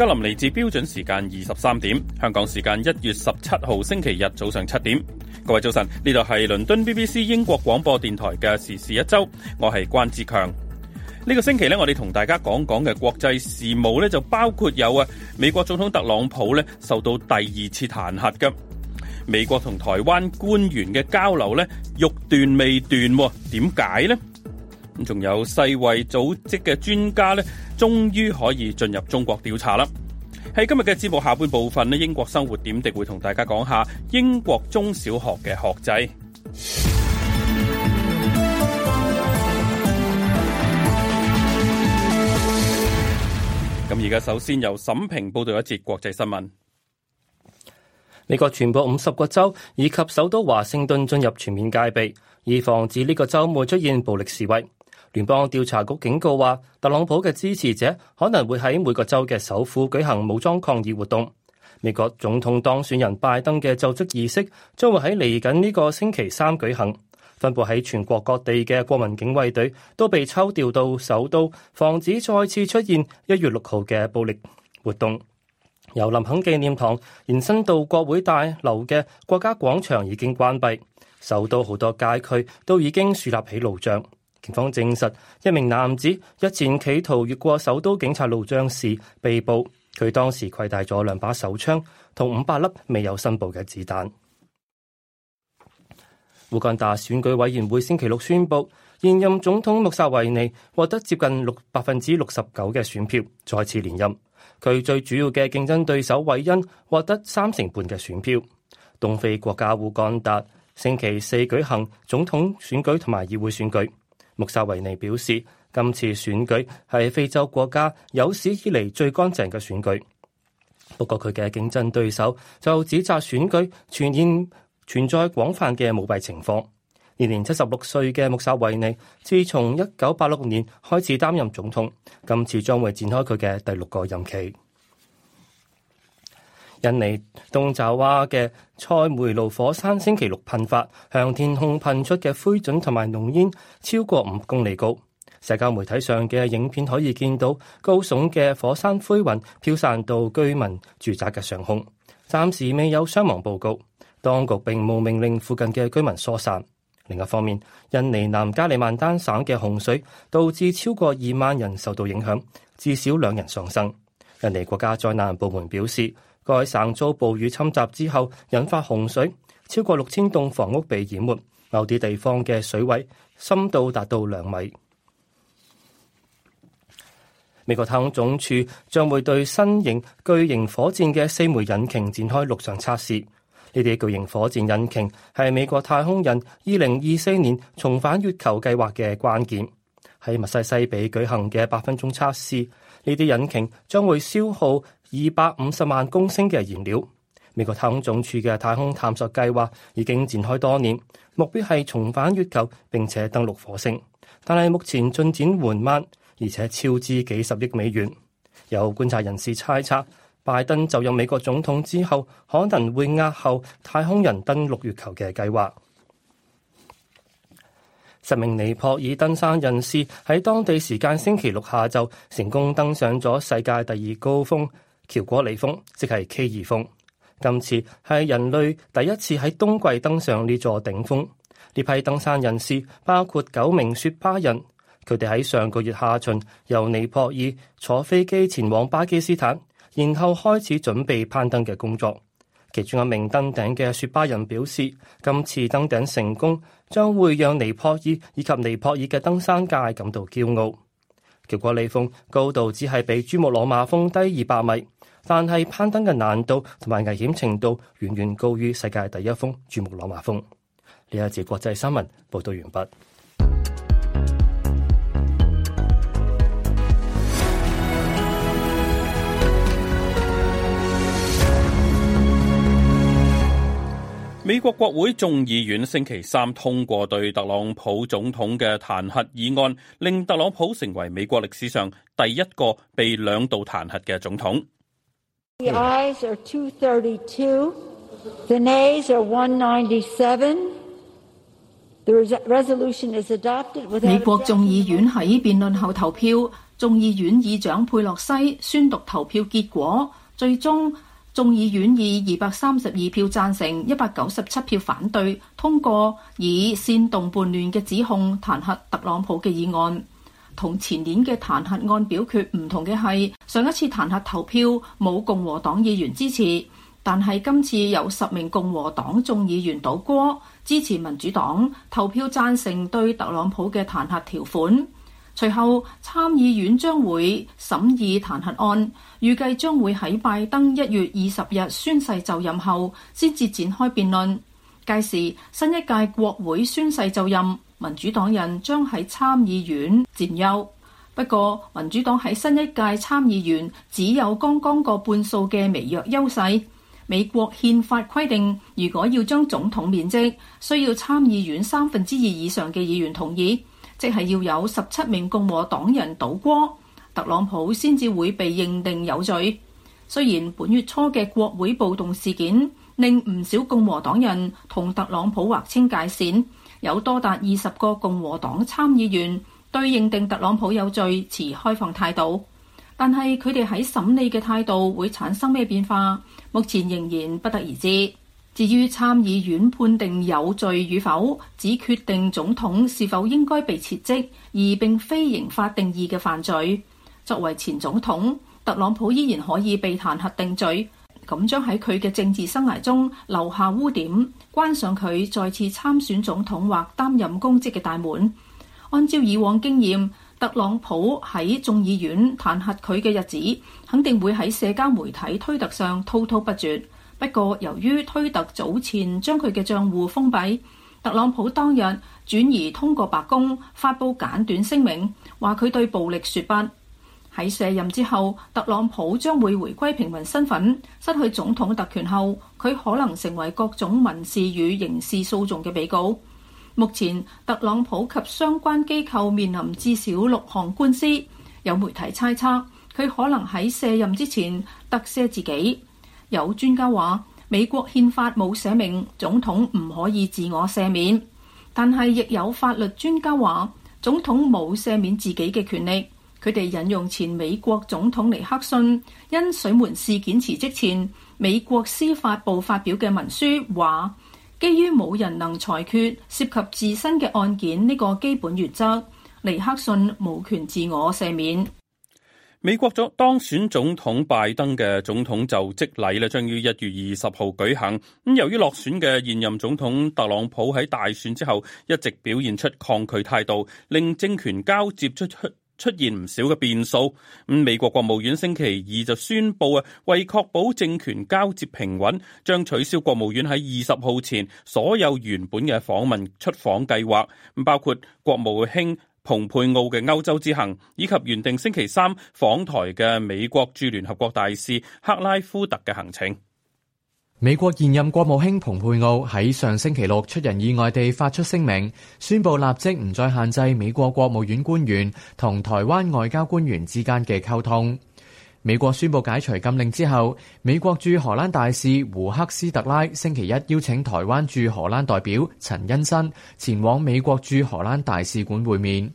格林尼治標準時間二十三點，香港時間一月十七號星期日早上七點。各位早晨，呢度係倫敦 BBC 英國廣播電台嘅時事一周，我係關志強。呢個星期呢，我哋同大家講講嘅國際事務呢，就包括有啊，美國總統特朗普咧，受到第二次彈劾。噉，美國同台灣官員嘅交流呢，欲斷未斷，點解呢？仲有世衛組織嘅專家咧，終於可以進入中國調查啦。喺今日嘅節目下半部分咧，英國生活點滴會同大家講下英國中小學嘅學制。咁而家首先由沈平報道一節國際新聞。美國全部五十個州以及首都華盛頓進入全面戒備，以防止呢個周末出現暴力示威。聯邦調查局警告話，特朗普嘅支持者可能會喺每個州嘅首府舉行武裝抗議活動。美國總統當選人拜登嘅就職儀式將會喺嚟緊呢個星期三舉行。分佈喺全國各地嘅國民警衛隊都被抽調到首都，防止再次出現一月六號嘅暴力活動。由林肯紀念堂延伸到國會大樓嘅國家廣場已經關閉，首都好多街區都已經樹立起路障。警方證實，一名男子日前企圖越過首都警察路障時被捕，佢當時攜帶咗兩把手槍同五百粒未有申報嘅子彈。烏干達選舉委員會星期六宣布，現任總統穆薩維尼獲得接近六百分之六十九嘅選票，再次連任。佢最主要嘅競爭對手韋恩獲得三成半嘅選票。東非國家烏干達星期四舉行總統選舉同埋議會選舉。穆薩維尼表示，今次選舉係非洲國家有史以嚟最乾淨嘅選舉。不過佢嘅競爭對手就指責選舉全現存在廣泛嘅舞弊情況。年年七十六歲嘅穆薩維尼，自從一九八六年開始擔任總統，今次將會展開佢嘅第六個任期。印尼東爪哇嘅塞梅魯火山星期六噴發，向天空噴出嘅灰燼同埋濃煙超過五公里高。社交媒體上嘅影片可以見到高聳嘅火山灰雲飄散到居民住宅嘅上空。暫時未有傷亡報告，當局並冇命令附近嘅居民疏散。另一方面，印尼南加里曼丹省嘅洪水導致超過二萬人受到影響，至少兩人喪生。印尼國家災難部門表示。該省遭暴雨侵襲之後，引發洪水，超過六千棟房屋被淹沒，某啲地方嘅水位深度達到兩米。美國太空總署將會對新型巨型火箭嘅四枚引擎展開陸上測試。呢啲巨型火箭引擎係美國太空人二零二四年重返月球計劃嘅關鍵。喺密西西比舉行嘅八分鐘測試，呢啲引擎將會消耗二百五十萬公升嘅燃料。美國太空總署嘅太空探索計劃已經展開多年，目標係重返月球並且登陸火星，但係目前進展緩慢，而且超支幾十億美元。有觀察人士猜測，拜登就任美國總統之後，可能會押後太空人登陸月球嘅計劃。十名尼泊爾登山人士喺當地時間星期六下晝成功登上咗世界第二高峰喬果里峰，即係 K2 峰。今次係人類第一次喺冬季登上呢座頂峰。呢批登山人士包括九名雪巴人，佢哋喺上個月下旬由尼泊爾坐飛機前往巴基斯坦，然後開始準備攀登嘅工作。其中一名登頂嘅雪巴人表示，今次登頂成功將會讓尼泊爾以及尼泊爾嘅登山界感到驕傲。喬戈里峰高度只係比珠穆朗瑪峰低二百米，但係攀登嘅難度同埋危險程度遠遠高於世界第一峰珠穆朗瑪峰。呢一節國際新聞報道完畢。美國國會眾議院星期三通過對特朗普總統嘅彈劾議案，令特朗普成為美國歷史上第一個被兩度彈劾嘅總統。美國眾議院喺辯論後投票，眾議院議長佩洛西宣讀投票結果，最終眾議院以二百三十二票贊成、一百九十七票反對通過以煽動叛亂嘅指控彈劾特朗普嘅議案。同前年嘅彈劾案表決唔同嘅係，上一次彈劾投票冇共和黨議員支持，但係今次有十名共和黨眾議員倒戈支持民主黨投票贊成對特朗普嘅彈劾條款。隨後，參議院將會審議彈劾案，預計將會喺拜登一月二十日宣誓就任後，先至展開辯論。屆時，新一屆國會宣誓就任，民主黨人將喺參議院佔優。不過，民主黨喺新一屆參議院只有剛剛過半數嘅微弱優勢。美國憲法規定，如果要將總統免職，需要參議院三分之二以上嘅議員同意。即係要有十七名共和黨人倒戈，特朗普先至會被認定有罪。雖然本月初嘅國會暴動事件，令唔少共和黨人同特朗普劃清界線，有多達二十個共和黨參議員對認定特朗普有罪持開放態度，但係佢哋喺審理嘅態度會產生咩變化，目前仍然不得而知。至於參議院判定有罪與否，只決定總統是否應該被撤職，而並非刑法定義嘅犯罪。作為前總統，特朗普依然可以被彈劾定罪，咁將喺佢嘅政治生涯中留下污點，關上佢再次參選總統或擔任公職嘅大門。按照以往經驗，特朗普喺眾議院彈劾佢嘅日子，肯定會喺社交媒體推特上滔滔不絕。不過，由於推特早前將佢嘅賬戶封閉，特朗普當日轉移通過白宮發佈簡短聲明，話佢對暴力說不。喺卸任之後，特朗普將會回歸平民身份，失去總統特權後，佢可能成為各種民事與刑事訴訟嘅被告。目前，特朗普及相關機構面臨至少六項官司，有媒體猜測佢可能喺卸任之前特赦自己。有專家話美國憲法冇寫明總統唔可以自我赦免，但係亦有法律專家話總統冇赦免自己嘅權力。佢哋引用前美國總統尼克遜因水門事件辭職前美國司法部發表嘅文書，話基於冇人能裁決涉及自身嘅案件呢個基本原則，尼克遜無權自我赦免。美國咗當選總統拜登嘅總統就職禮咧，將於一月二十號舉行。咁由於落選嘅現任總統特朗普喺大選之後一直表現出抗拒態度，令政權交接出出現唔少嘅變數。咁美國國務院星期二就宣布啊，為確保政權交接平穩，將取消國務院喺二十號前所有原本嘅訪問出訪計劃，包括國務卿蓬佩奧嘅歐洲之行，以及原定星期三訪台嘅美國駐聯合國大使克拉夫特嘅行程。美國現任國務卿蓬佩奧喺上星期六出人意外地發出聲明，宣布立即唔再限制美國國務院官員同台灣外交官員之間嘅溝通。美國宣布解除禁令之後，美國駐荷蘭大使胡克斯特拉星期一邀請台灣駐荷蘭代表陳欣新前往美國駐荷蘭大使館會面，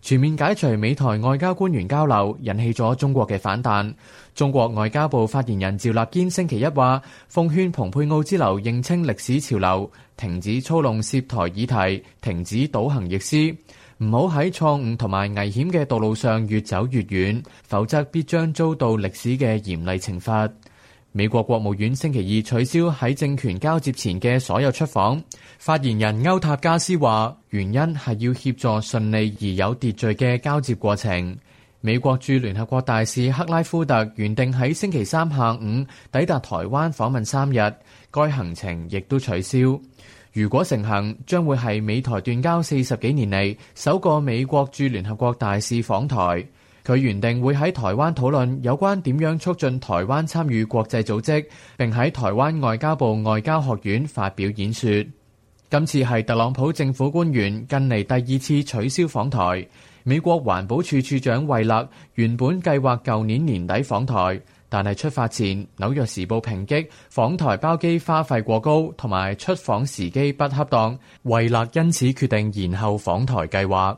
全面解除美台外交官員交流，引起咗中國嘅反彈。中國外交部發言人趙立堅星期一話，奉勸蓬佩奧之流認清歷史潮流，停止操弄涉台議題，停止倒行逆施。唔好喺錯誤同埋危險嘅道路上越走越遠，否則必將遭到歷史嘅嚴厲懲罰。美國國務院星期二取消喺政權交接前嘅所有出訪。發言人歐塔加斯話，原因係要協助順利而有秩序嘅交接過程。美國駐聯合國大使克拉夫特原定喺星期三下午抵達台灣訪問三日，該行程亦都取消。如果成行，將會係美台斷交四十幾年嚟首個美國駐聯合國大使訪台。佢原定會喺台灣討論有關點樣促進台灣參與國際組織，並喺台灣外交部外交學院發表演說，今次係特朗普政府官員近嚟第二次取消訪台。美國環保署署長惠勒原本計劃舊年年底訪台。但係出發前，《紐約時報》抨擊訪台包機花費過高，同埋出訪時機不恰當。惠勒因此決定延後訪台計劃。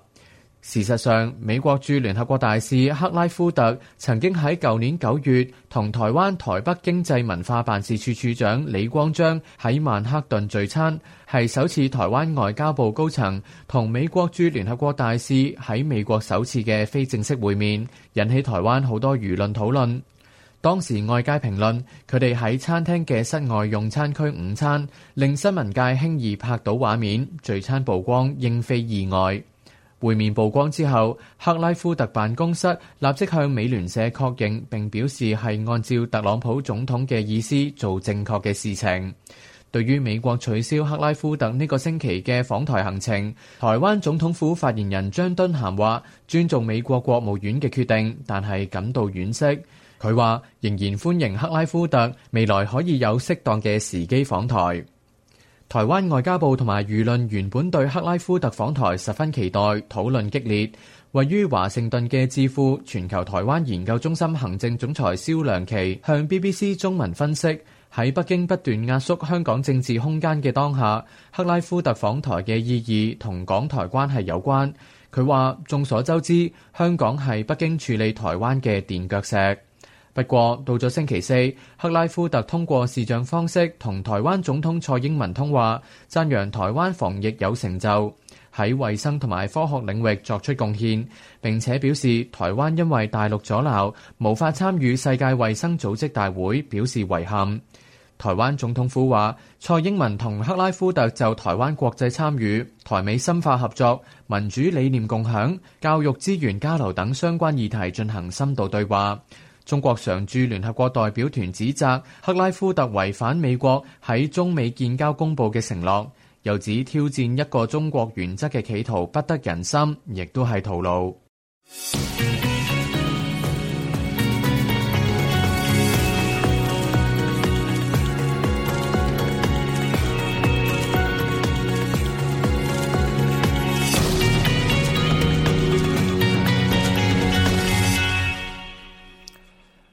事實上，美國駐聯合國大使克拉夫特曾經喺舊年九月同台灣台北經濟文化辦事處處處長李光章喺曼克頓聚餐，係首次台灣外交部高層同美國駐聯合國大使喺美國首次嘅非正式會面，引起台灣好多輿論討論。當時外界評論，佢哋喺餐廳嘅室外用餐區午餐，令新聞界輕易拍到畫面，聚餐曝光，應非意外。會面曝光之後，克拉夫特辦公室立即向美聯社確認，並表示係按照特朗普總統嘅意思做正確嘅事情。對於美國取消克拉夫特呢個星期嘅訪台行程，台灣總統府發言人張敦涵話：尊重美國國務院嘅決定，但係感到惋惜。佢話仍然歡迎克拉夫特未來可以有適當嘅時機訪台。台灣外交部同埋輿論原本對克拉夫特訪台十分期待，討論激烈。位於華盛頓嘅智庫全球台灣研究中心行政總裁蕭良琪向 BBC 中文分析：喺北京不斷壓縮香港政治空間嘅當下，克拉夫特訪台嘅意義同港台關係有關。佢話：眾所周知，香港係北京處理台灣嘅墊腳石。不過，到咗星期四，克拉夫特通過視像方式同台灣總統蔡英文通話，讚揚台灣防疫有成就，喺衞生同埋科學領域作出貢獻。並且表示，台灣因為大陸阻撓，無法參與世界衞生組織大會，表示遺憾。台灣總統府話，蔡英文同克拉夫特就台灣國際參與、台美深化合作、民主理念共享、教育資源交流等相關議題進行深度對話。中國常駐聯合國代表團指責克拉夫特違反美國喺中美建交公佈嘅承諾，又指挑戰一個中國原則嘅企圖不得人心，亦都係徒勞。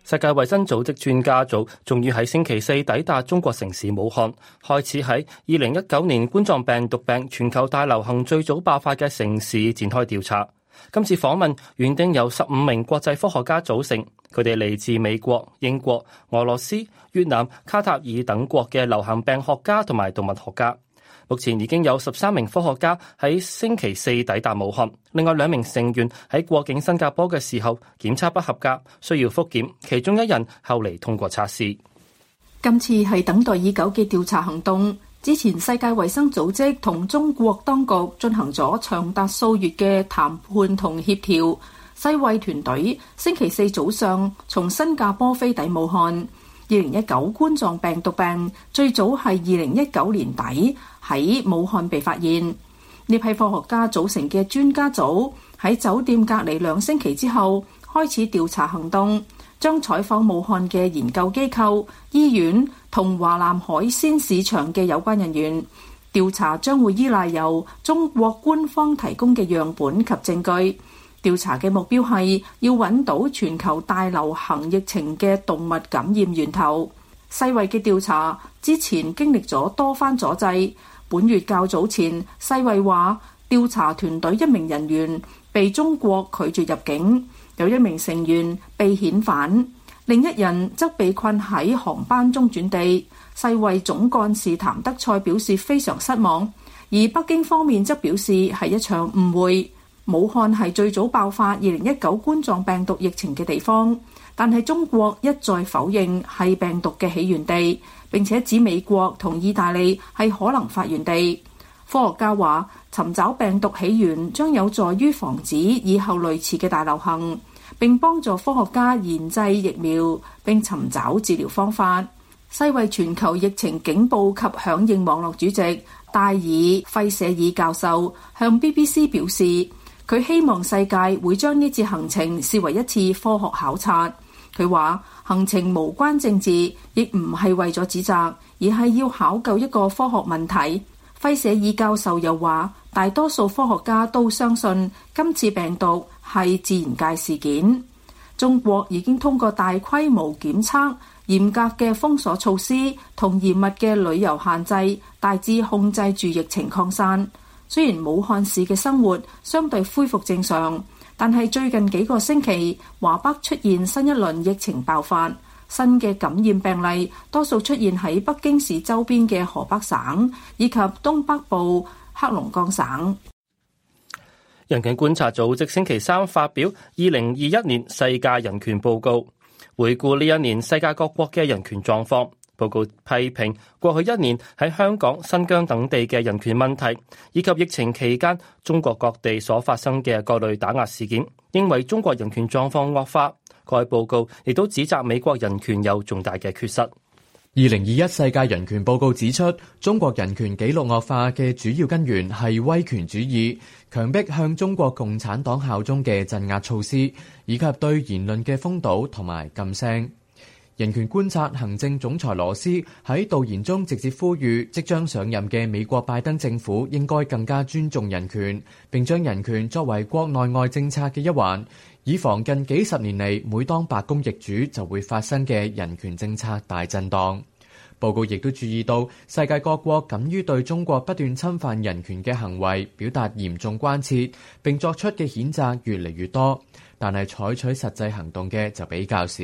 世界衛生組織專家組終於喺星期四抵達中國城市武漢，開始喺二零一九年冠狀病毒病全球大流行最早爆發嘅城市展開調查。今次訪問原定由十五名國際科學家組成，佢哋嚟自美國、英國、俄羅斯、越南、卡塔爾等國嘅流行病學家同埋動物學家。目前已經有十三名科學家喺星期四抵達武漢，另外兩名成員喺過境新加坡嘅時候檢測不合格，需要複檢，其中一人後嚟通過測試。今次係等待已久嘅調查行動，之前世界衛生組織同中國當局進行咗長達數月嘅談判同協調。世衛團隊星期四早上從新加坡飛抵武漢。二零一九冠狀病毒病最早係二零一九年底。喺武漢被發現，呢批科學家組成嘅專家組喺酒店隔離兩星期之後，開始調查行動。將採訪武漢嘅研究機構、醫院同華南海鮮市場嘅有關人員。調查將會依賴由中國官方提供嘅樣本及證據。調查嘅目標係要揾到全球大流行疫情嘅動物感染源頭。世衛嘅調查之前經歷咗多番阻滯。本月較早前，世衛話調查團隊一名人員被中國拒絕入境，有一名成員被遣返，另一人則被困喺航班中轉地。世衛總幹事譚德塞表示非常失望，而北京方面則表示係一場誤會。武漢係最早爆發二零一九冠狀病毒疫情嘅地方，但係中國一再否認係病毒嘅起源地。並且指美國同意大利係可能發源地。科學家話，尋找病毒起源將有助於防止以後類似嘅大流行，並幫助科學家研製疫苗並尋找治療方法。世衛全球疫情警報及響應網絡主席戴爾費舍爾教授向 BBC 表示，佢希望世界會將呢次行程視為一次科學考察。佢話行程無關政治，亦唔係為咗指責，而係要考究一個科學問題。費舍爾教授又話：大多數科學家都相信今次病毒係自然界事件。中國已經通過大規模檢測、嚴格嘅封鎖措施同嚴密嘅旅遊限制，大致控制住疫情擴散。雖然武漢市嘅生活相對恢復正常。但係最近幾個星期，華北出現新一輪疫情爆發，新嘅感染病例多數出現喺北京市周邊嘅河北省以及東北部黑龍江省。人權觀察組織星期三發表《二零二一年世界人權報告》，回顧呢一年世界各國嘅人權狀況。報告批評過去一年喺香港、新疆等地嘅人權問題，以及疫情期間中國各地所發生嘅各類打壓事件，認為中國人權狀況惡化。該報告亦都指責美國人權有重大嘅缺失。二零二一世界人權報告指出，中國人權紀錄惡化嘅主要根源係威權主義、強迫向中國共產黨效忠嘅鎮壓措施，以及對言論嘅封堵同埋禁聲。人權觀察行政總裁羅斯喺導言中直接呼籲，即將上任嘅美國拜登政府應該更加尊重人權，並將人權作為國內外政策嘅一環，以防近幾十年嚟每當白宮易主就會發生嘅人權政策大震盪。報告亦都注意到，世界各國敢於對中國不斷侵犯人權嘅行為表達嚴重關切，並作出嘅譴責越嚟越多，但係採取實際行動嘅就比較少。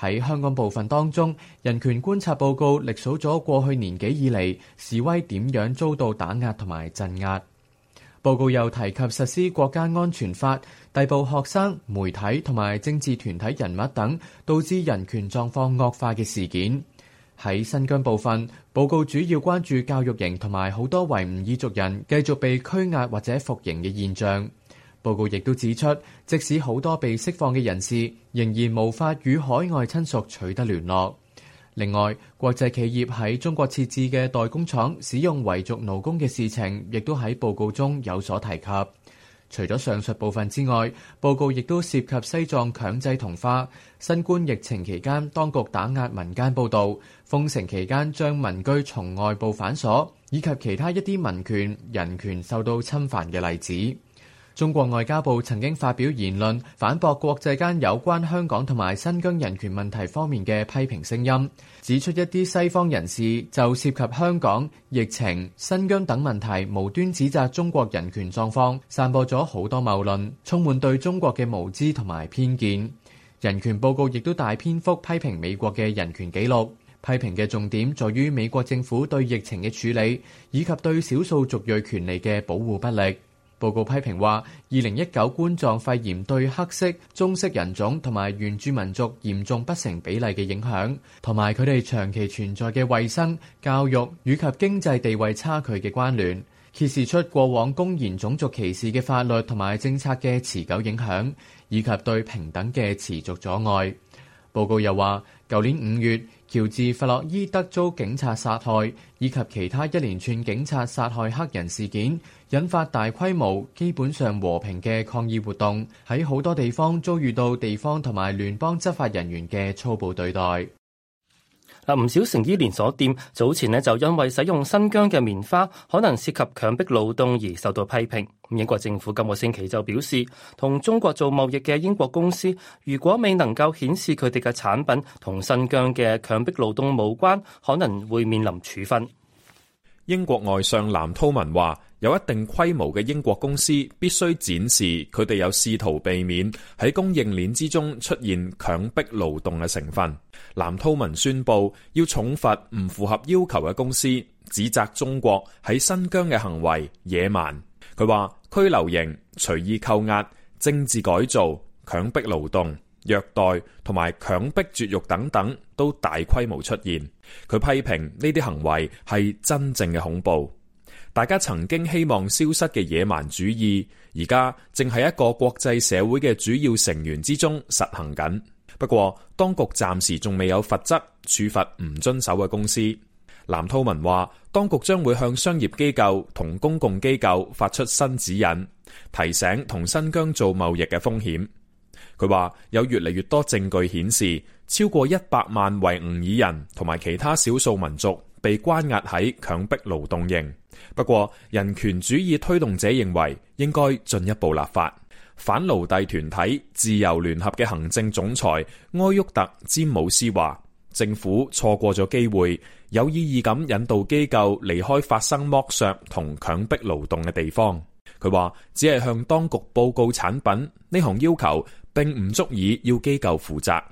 喺香港部分當中，人權觀察報告歷數咗過去年幾以嚟，示威點樣遭到打壓同埋鎮壓。報告又提及實施國家安全法逮捕學生、媒體同埋政治團體人物等，導致人權狀況惡化嘅事件。喺新疆部分，報告主要關注教育營同埋好多維吾爾族人繼續被拘押或者服刑嘅現象。報告亦都指出，即使好多被釋放嘅人士，仍然無法與海外親屬取得聯絡。另外，國際企業喺中國設置嘅代工廠使用維族奴工嘅事情，亦都喺報告中有所提及。除咗上述部分之外，報告亦都涉及西藏強制同化、新冠疫情期間當局打壓民間報道、封城期間將民居從外部反鎖，以及其他一啲民權、人權受到侵犯嘅例子。中國外交部曾經發表言論，反駁國際間有關香港同埋新疆人權問題方面嘅批評聲音，指出一啲西方人士就涉及香港、疫情、新疆等問題無端指責中國人權狀況，散播咗好多謬論，充滿對中國嘅無知同埋偏見。人權報告亦都大篇幅批評美國嘅人權紀錄，批評嘅重點在於美國政府對疫情嘅處理以及對少數族裔權利嘅保護不力。報告批評話：二零一九冠狀肺炎對黑色、棕色人種同埋原住民族嚴重不成比例嘅影響，同埋佢哋長期存在嘅衛生、教育以及經濟地位差距嘅關聯，揭示出過往公然種族歧視嘅法律同埋政策嘅持久影響，以及對平等嘅持續阻礙。報告又話：舊年五月，喬治·弗洛伊德遭警察殺害，以及其他一連串警察殺害黑人事件，引發大規模、基本上和平嘅抗議活動，喺好多地方遭遇到地方同埋聯邦執法人員嘅粗暴對待。但唔少成衣連鎖店早前呢，就因為使用新疆嘅棉花可能涉及強迫勞動而受到批評。英國政府今個星期就表示，同中國做貿易嘅英國公司如果未能夠顯示佢哋嘅產品同新疆嘅強迫勞動無關，可能會面臨處分。英國外相藍韜文話，有一定規模嘅英國公司必須展示佢哋有試圖避免喺供應鏈之中出現強迫勞動嘅成分。藍韜文宣布要重罰唔符合要求嘅公司，指責中國喺新疆嘅行為野蠻。佢話拘留營、隨意扣押、政治改造、強迫勞動。虐待同埋強迫絕育等等都大規模出現，佢批評呢啲行為係真正嘅恐怖。大家曾經希望消失嘅野蠻主義，而家正係一個國際社會嘅主要成員之中實行緊。不過當局暫時仲未有罰則處罰唔遵守嘅公司。藍韜文話，當局將會向商業機構同公共機構發出新指引，提醒同新疆做貿易嘅風險。佢話：有越嚟越多證據顯示，超過一百萬維吾爾人同埋其他少數民族被關押喺強迫勞動營。不過，人權主義推動者認為應該進一步立法。反奴隸團體自由聯合嘅行政總裁埃沃特詹姆斯話：政府錯過咗機會，有意義咁引導機構離開發生剝削同強迫勞動嘅地方。佢話：只係向當局報告產品，呢項要求並唔足以要機構負責，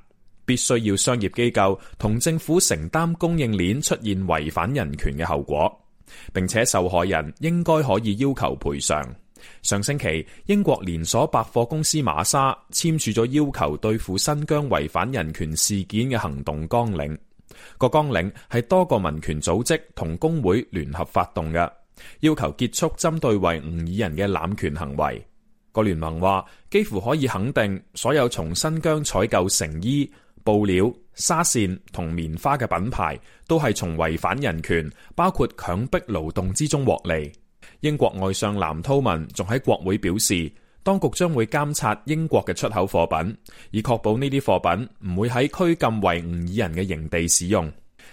必須要商業機構同政府承擔供應鏈出現違反人權嘅後果。並且受害人應該可以要求賠償。上星期，英國連鎖百貨公司馬莎簽署咗要求對付新疆違反人權事件嘅行動綱領。這個綱領係多個民權組織同工會聯合發動嘅。要求結束針對維吾爾人嘅濫權行為。個聯盟話，幾乎可以肯定，所有從新疆採購成衣、布料、紗線同棉花嘅品牌，都係從違反人權，包括強迫勞動之中獲利。英國外相藍韜文仲喺國會表示，當局將會監察英國嘅出口貨品，以確保呢啲貨品唔會喺拘禁維吾爾人嘅營地使用。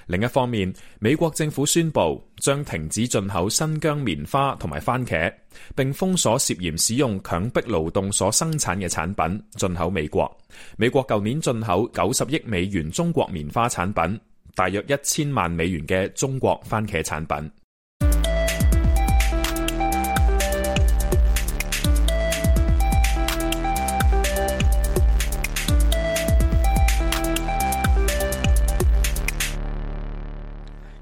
另一方面，美國政府宣布將停止進口新疆棉花同埋番茄，並封鎖涉嫌使用強迫勞動所生產嘅產品進口美國。美國舊年進口九十億美元中國棉花產品，大約一千萬美元嘅中國番茄產品。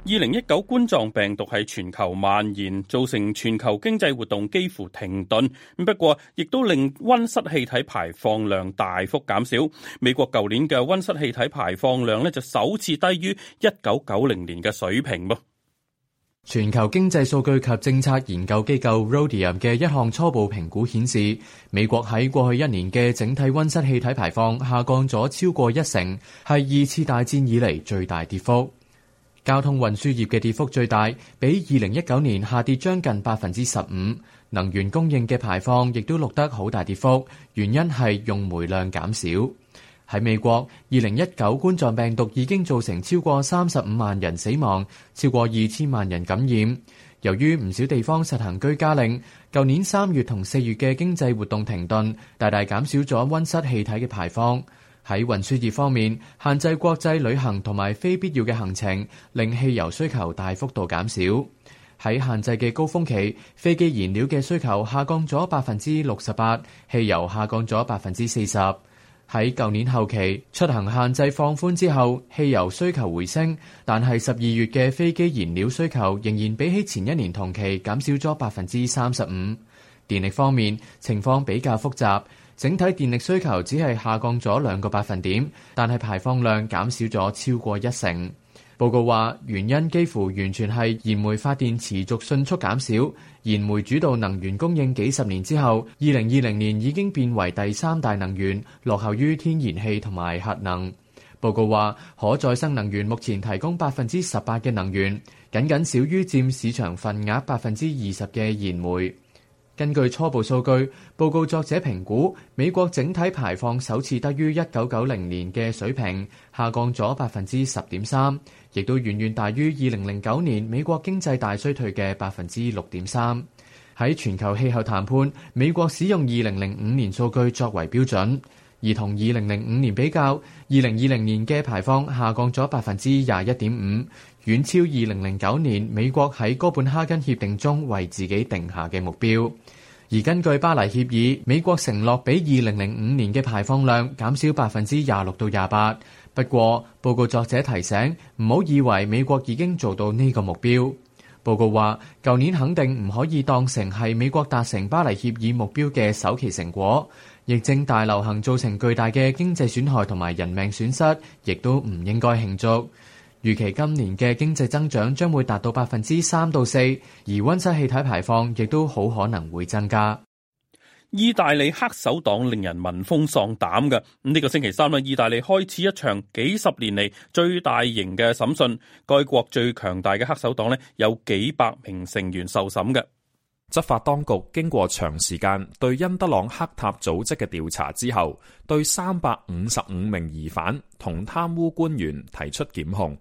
二零一九冠狀病毒喺全球蔓延，造成全球經濟活動幾乎停頓。不過，亦都令溫室氣體排放量大幅減少。美國舊年嘅溫室氣體排放量咧，就首次低於一九九零年嘅水平。全球經濟數據及政策研究機構 Rhodium 嘅一項初步評估顯示，美國喺過去一年嘅整體溫室氣體排放下降咗超過一成，係二次大戰以嚟最大跌幅。交通運輸業嘅跌幅最大，比二零一九年下跌將近百分之十五。能源供應嘅排放亦都錄得好大跌幅，原因係用煤量減少。喺美國，二零一九冠狀病毒已經造成超過三十五萬人死亡，超過二千萬人感染。由於唔少地方實行居家令，舊年三月同四月嘅經濟活動停頓，大大減少咗温室氣體嘅排放。喺運輸業方面，限制國際旅行同埋非必要嘅行程，令汽油需求大幅度減少。喺限制嘅高峰期，飛機燃料嘅需求下降咗百分之六十八，汽油下降咗百分之四十。喺舊年後期，出行限制放寬之後，汽油需求回升，但係十二月嘅飛機燃料需求仍然比起前一年同期減少咗百分之三十五。電力方面，情況比較複雜。整體電力需求只係下降咗兩個百分點，但係排放量減少咗超過一成。報告話原因幾乎完全係燃煤發電持續迅速減少，燃煤主導能源供應幾十年之後，二零二零年已經變為第三大能源，落後於天然氣同埋核能。報告話可再生能源目前提供百分之十八嘅能源，僅僅少於佔市場份額百分之二十嘅燃煤。根據初步數據，報告作者評估美國整體排放首次低於一九九零年嘅水平，下降咗百分之十點三，亦都遠遠大於二零零九年美國經濟大衰退嘅百分之六點三。喺全球氣候談判，美國使用二零零五年數據作為標準，而同二零零五年比較，二零二零年嘅排放下降咗百分之廿一點五。遠超二零零九年美國喺哥本哈根協定中為自己定下嘅目標。而根據巴黎協議，美國承諾比二零零五年嘅排放量減少百分之廿六到廿八。不過，報告作者提醒，唔好以為美國已經做到呢個目標。報告話，舊年肯定唔可以當成係美國達成巴黎協議目標嘅首期成果。疫症大流行造成巨大嘅經濟損害同埋人命損失，亦都唔應該慶祝。預期今年嘅經濟增長將會達到百分之三到四，而溫室氣體排放亦都好可能會增加。意大利黑手黨令人聞風喪膽嘅。呢個星期三咧，意大利開始一場幾十年嚟最大型嘅審訊，該國最強大嘅黑手黨呢，有幾百名成員受審嘅。執法當局經過長時間對恩德朗黑塔組織嘅調查之後，對三百五十五名疑犯同貪污官員提出檢控。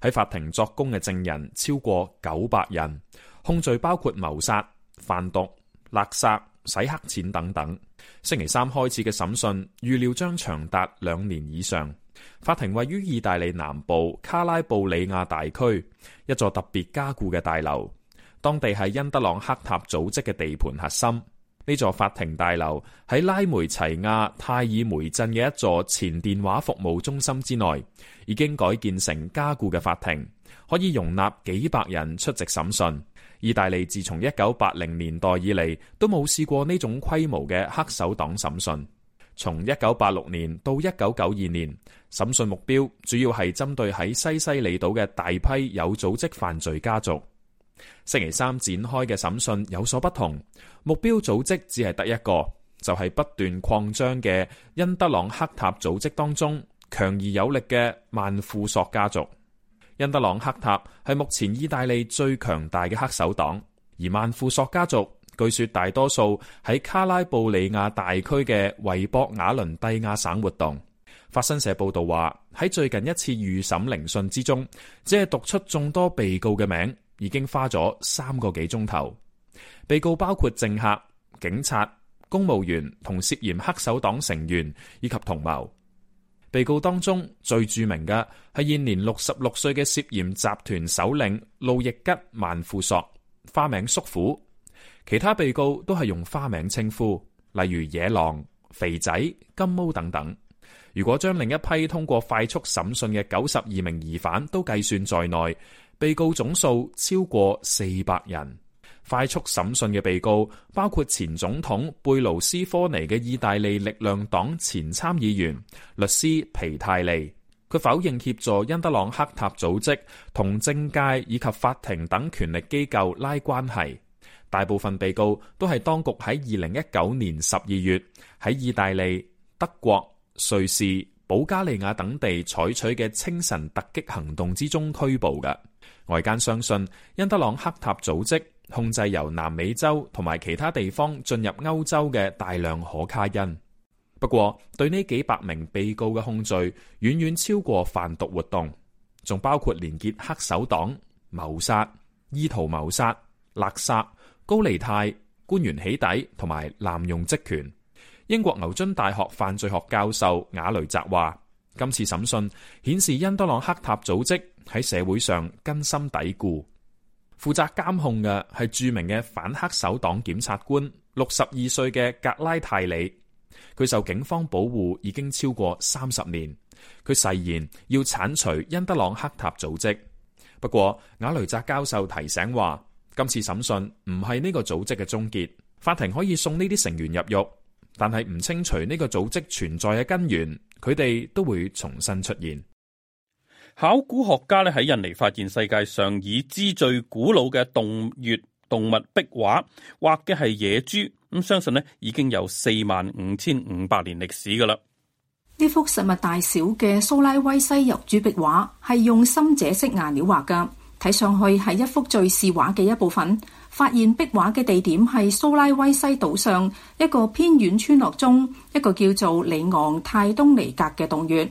喺法庭作供嘅證人超過九百人，控罪包括謀殺、販毒、勒殺、洗黑錢等等。星期三開始嘅審訊預料將長達兩年以上。法庭位於意大利南部卡拉布里亞大區，一座特別加固嘅大樓，當地係恩德朗黑塔組織嘅地盤核心。呢座法庭大樓喺拉梅齊亞泰爾梅鎮嘅一座前電話服務中心之內，已經改建成加固嘅法庭，可以容納幾百人出席審訊。意大利自從一九八零年代以嚟都冇試過呢種規模嘅黑手黨審訊。從一九八六年到一九九二年，審訊目標主要係針對喺西西里島嘅大批有組織犯罪家族。星期三展開嘅審訊有所不同。目標組織只係得一個，就係不斷擴張嘅恩德朗黑塔組織當中強而有力嘅萬富索家族。恩德朗黑塔係目前意大利最強大嘅黑手黨，而萬富索家族據說大多數喺卡拉布里亞大區嘅維博瓦倫蒂亞省活動。法新社報道話，喺最近一次預審聆訊之中，只係讀出眾多被告嘅名，已經花咗三個幾鐘頭。被告包括政客、警察、公務員同涉嫌黑手黨成員以及同謀。被告當中最著名嘅係現年六十六歲嘅涉嫌集團首領路易吉萬富索花名叔父，其他被告都係用花名稱呼，例如野狼、肥仔、金毛等等。如果將另一批通過快速審訊嘅九十二名疑犯都計算在內，被告總數超過四百人。快速審訊嘅被告包括前總統貝盧斯科尼嘅意大利力量黨前參議員律師皮泰利。佢否認協助恩德朗克塔組織同政界以及法庭等權力機構拉關係。大部分被告都係當局喺二零一九年十二月喺意大利、德國、瑞士、保加利亞等地採取嘅清晨突擊行動之中拘捕嘅。外間相信，恩德朗克塔組織。控制由南美洲同埋其他地方進入歐洲嘅大量可卡因。不過，對呢幾百名被告嘅控罪，遠遠超過販毒活動，仲包括連結黑手黨、謀殺、意圖謀殺、勒殺、高利貸、官員起底同埋濫用職權。英國牛津大學犯罪學教授瓦雷澤話，今次審訊顯示，因多朗克塔組織喺社會上根深蒂固。負責監控嘅係著名嘅反黑手黨檢察官，六十二歲嘅格拉泰里，佢受警方保護已經超過三十年。佢誓言要鏟除恩德朗黑塔組織。不過，瓦雷扎教授提醒話，今次審訊唔係呢個組織嘅終結，法庭可以送呢啲成員入獄，但係唔清除呢個組織存在嘅根源，佢哋都會重新出現。考古學家咧喺印尼發現世界上已知最古老嘅洞穴動物壁畫，畫嘅係野豬，咁相信咧已經有四萬五千五百年歷史噶啦。呢幅實物大小嘅蘇拉威西野豬壁畫係用深赭色顏料畫噶，睇上去係一幅敘事畫嘅一部分。發現壁畫嘅地點係蘇拉威西島上一個偏遠村落中，一個叫做里昂泰東尼格嘅洞穴。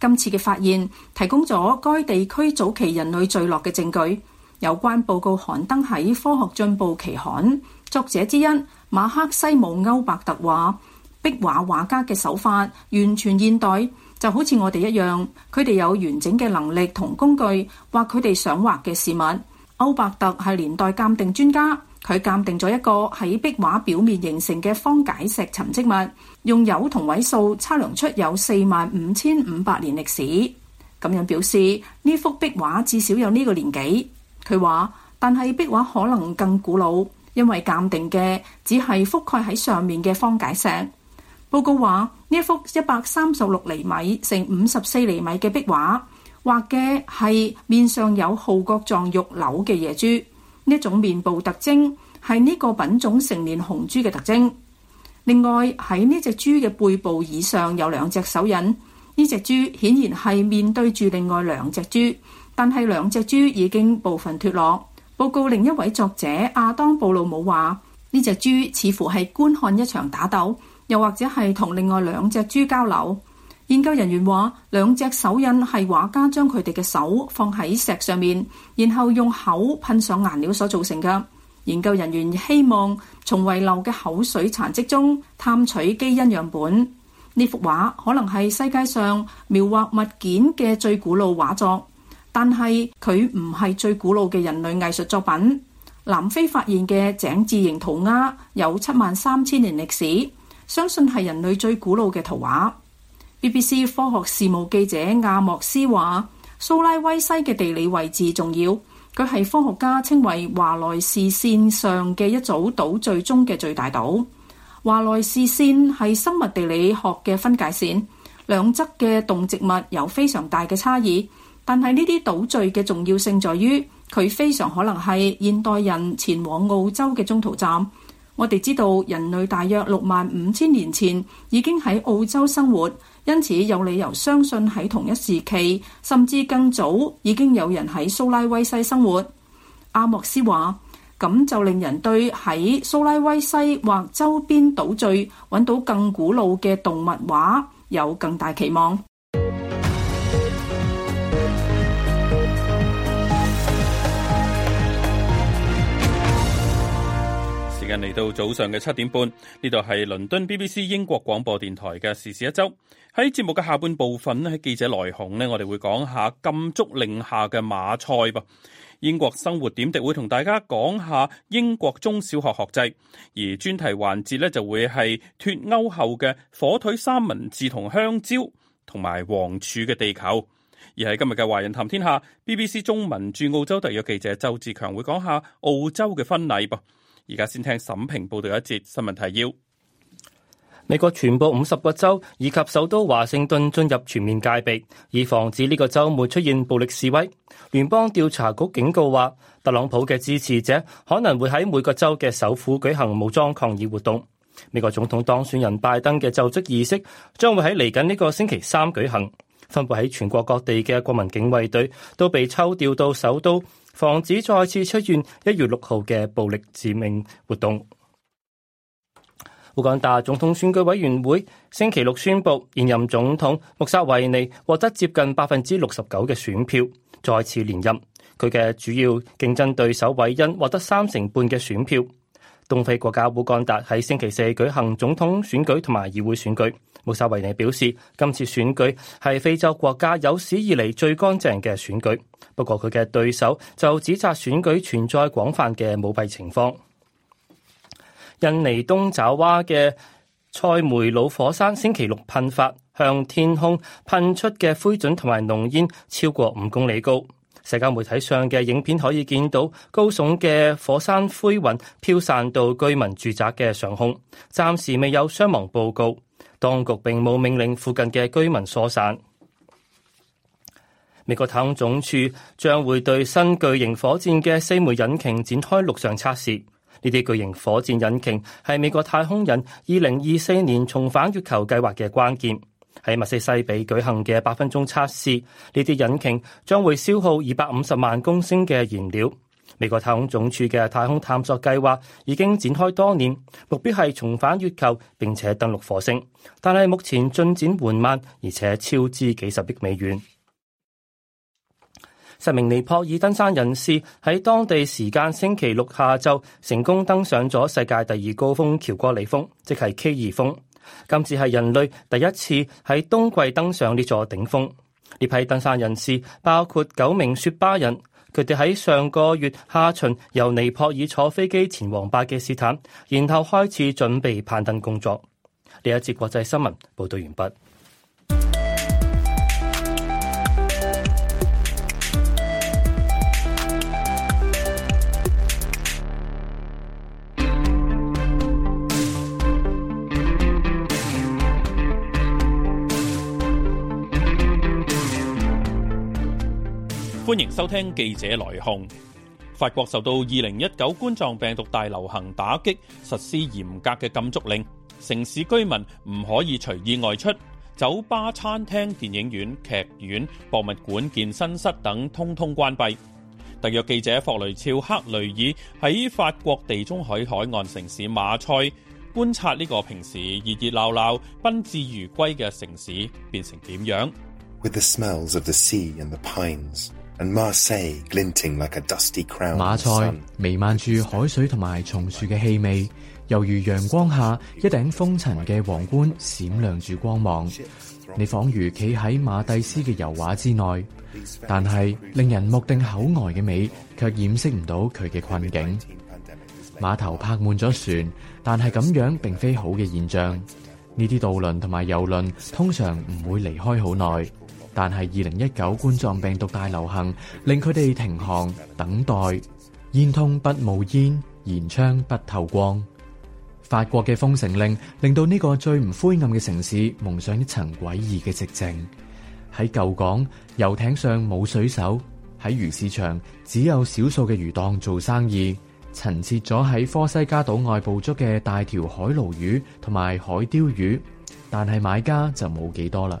今次嘅發現提供咗該地區早期人類墜落嘅證據。有關報告刊登喺《科學進步》期刊，作者之一馬克西姆歐伯特話：壁畫畫家嘅手法完全現代，就好似我哋一樣。佢哋有完整嘅能力同工具畫佢哋想畫嘅事物。歐伯特係年代鑑定專家，佢鑑定咗一個喺壁畫表面形成嘅方解石沉積物。用鈾同位素測量出有四萬五千五百年歷史，咁樣表示呢幅壁畫至少有呢個年紀。佢話，但係壁畫可能更古老，因為鑒定嘅只係覆蓋喺上面嘅方解石。報告話呢一幅一百三十六厘米乘五十四厘米嘅壁畫，畫嘅係面上有號角狀肉瘤嘅野豬，呢一種面部特徵係呢個品種成年雄豬嘅特徵。另外喺呢隻豬嘅背部以上有兩隻手印，呢隻豬顯然係面對住另外兩隻豬，但係兩隻豬已經部分脱落。報告另一位作者阿當布魯姆話：呢隻豬似乎係觀看一場打鬥，又或者係同另外兩隻豬交流。研究人員話兩隻手印係畫家將佢哋嘅手放喺石上面，然後用口噴上顏料所造成嘅。研究人員希望從遺留嘅口水殘跡中探取基因樣本。呢幅畫可能係世界上描畫物件嘅最古老畫作，但係佢唔係最古老嘅人類藝術作品。南非發現嘅井字形塗鴉有七萬三千年歷史，相信係人類最古老嘅圖畫。BBC 科學事務記者亞莫斯話，蘇拉威西嘅地理位置重要。佢係科學家稱為華萊士線上嘅一組島嶼中嘅最大島。華萊士線係生物地理學嘅分界線，兩側嘅動植物有非常大嘅差異。但係呢啲島嶼嘅重要性在於，佢非常可能係現代人前往澳洲嘅中途站。我哋知道人類大約六萬五千年前已經喺澳洲生活。因此有理由相信喺同一時期，甚至更早已經有人喺蘇拉威西生活。阿莫斯話，咁就令人對喺蘇拉威西或周邊島嶼揾到更古老嘅動物畫有更大期望。嚟到早上嘅七點半，呢度係倫敦 BBC 英國廣播電台嘅時事一周。喺節目嘅下半部分咧，喺記者來鴻呢，我哋會講下禁足令下嘅馬賽噃。英國生活點滴會同大家講下英國中小學學制，而專題環節呢，就會係脫歐後嘅火腿三文治同香蕉，同埋王儲嘅地球。而喺今日嘅華人談天下，BBC 中文駐澳洲特約記者周志強會講下澳洲嘅婚禮噃。而家先聽沈平報道一節新聞提要。美國全部五十個州以及首都華盛頓進入全面戒備，以防止呢個周末出現暴力示威。聯邦調查局警告話，特朗普嘅支持者可能會喺每個州嘅首府舉行武裝抗議活動。美國總統當選人拜登嘅就職儀式將會喺嚟緊呢個星期三舉行。分佈喺全國各地嘅國民警衛隊都被抽調到首都。防止再次出現一月六號嘅暴力致命活動。烏干達總統選舉委員會星期六宣布，現任總統穆薩維尼獲得接近百分之六十九嘅選票，再次連任。佢嘅主要競爭對手偉恩獲得三成半嘅選票。東非國家烏干達喺星期四舉行總統選舉同埋議會選舉，穆薩維尼表示今次選舉係非洲國家有史以嚟最乾淨嘅選舉。不過佢嘅對手就指責選舉存在廣泛嘅舞弊情況。印尼東爪哇嘅塞梅魯火山星期六噴發，向天空噴出嘅灰燼同埋濃煙超過五公里高。社交媒體上嘅影片可以見到高聳嘅火山灰雲飄散到居民住宅嘅上空，暫時未有傷亡報告。當局並冇命令附近嘅居民疏散。美國太空總署將會對新巨型火箭嘅四枚引擎展開陸上測試。呢啲巨型火箭引擎係美國太空人二零二四年重返月球計劃嘅關鍵。喺密西西比舉行嘅八分鐘測試，呢啲引擎將會消耗二百五十萬公升嘅燃料。美國太空總署嘅太空探索計劃已經展開多年，目標係重返月球並且登陸火星，但係目前進展緩慢，而且超支幾十億美元。十名尼泊爾登山人士喺當地時間星期六下晝成功登上咗世界第二高峰喬戈里峰，即係 K 二峰。今次係人類第一次喺冬季登上呢座頂峰。呢批登山人士包括九名雪巴人，佢哋喺上個月下旬由尼泊爾坐飛機前往巴基斯坦，然後開始準備攀登工作。呢一節國際新聞報道完畢。歡迎收聽記者來鴻。法國受到二零一九冠狀病毒大流行打擊，實施嚴格嘅禁足令，城市居民唔可以隨意外出，酒吧、餐廳、電影院、劇院、博物館、健身室等通通關閉。特約記者霍雷肖、克雷爾喺法國地中海海岸城市馬賽觀察呢個平時熱熱鬧鬧、賓至如歸嘅城市變成點樣？馬賽，彌漫住海水同埋松樹嘅氣味，猶如陽光下一頂風塵嘅皇冠閃亮住光芒。你仿如企喺馬蒂斯嘅油畫之內，但係令人目定口呆嘅美，卻掩飾唔到佢嘅困境。碼頭泊滿咗船，但係咁樣並非好嘅現象。呢啲渡輪同埋遊輪通常唔會離開好耐。但係，二零一九冠狀病毒大流行令佢哋停航，等待煙通不冒煙，煙窗不透光。法國嘅封城令令到呢個最唔灰暗嘅城市蒙上一層詭異嘅寂靜。喺舊港，遊艇上冇水手；喺魚市場，只有少數嘅魚檔做生意。陳設咗喺科西嘉島外捕捉嘅大條海鱸魚同埋海鯛魚，但係買家就冇幾多啦。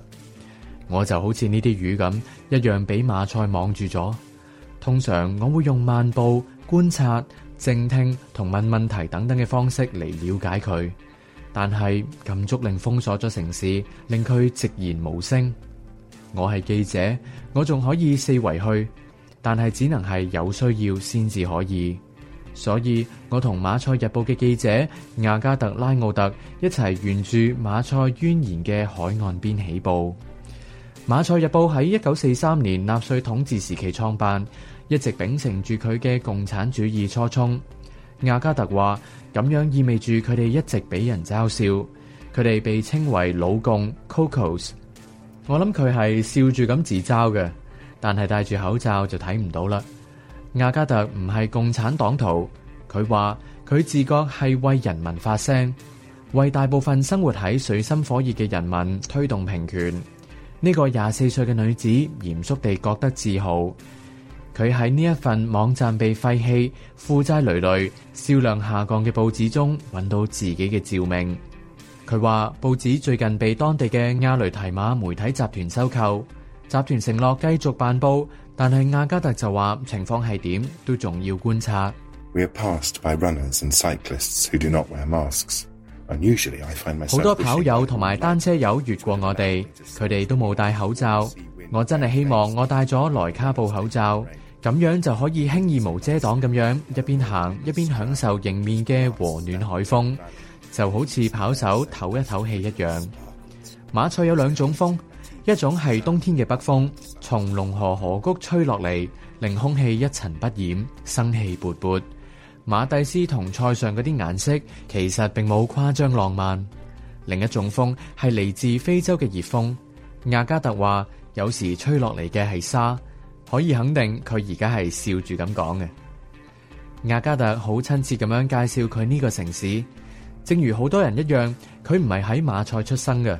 我就好似呢啲魚咁一樣，俾馬賽網住咗。通常我會用漫步、觀察、靜聽同問問題等等嘅方式嚟了解佢。但係禁足令封鎖咗城市，令佢直言無聲。我係記者，我仲可以四圍去，但係只能係有需要先至可以。所以我同馬賽日報嘅記者亞加特拉奧特一齊沿住馬賽蜿蜒嘅海岸邊起步。馬賽日報喺一九四三年納粹統治時期創辦，一直秉承住佢嘅共產主義初衷。亞加特話：咁樣意味住佢哋一直俾人嘲笑，佢哋被稱為老共 （Cocos）。我諗佢係笑住咁自嘲嘅，但係戴住口罩就睇唔到啦。亞加特唔係共產黨徒，佢話佢自覺係為人民發聲，為大部分生活喺水深火熱嘅人民推動平權。呢個廿四歲嘅女子嚴肅地覺得自豪，佢喺呢一份網站被廢棄、負債累累、銷量下降嘅報紙中揾到自己嘅照明。佢話報紙最近被當地嘅亞雷提馬媒體集團收購，集團承諾繼續辦報，但係亞加特就話情況係點都仲要觀察。We are 好多跑友同埋單車友越過我哋，佢哋都冇戴口罩。我真係希望我戴咗萊卡布口罩，咁樣就可以輕易無遮擋咁樣一邊行一邊享受迎面嘅和暖海風，就好似跑手唞一唞氣一,一樣。馬賽有兩種風，一種係冬天嘅北風，從龍河河谷吹落嚟，令空氣一塵不染，生氣勃勃。馬蒂斯同塞尚嗰啲顏色其實並冇誇張浪漫。另一種風係嚟自非洲嘅熱風。亞加特話：有時吹落嚟嘅係沙，可以肯定佢而家係笑住咁講嘅。亞加特好親切咁樣介紹佢呢個城市，正如好多人一樣，佢唔係喺馬賽出生嘅。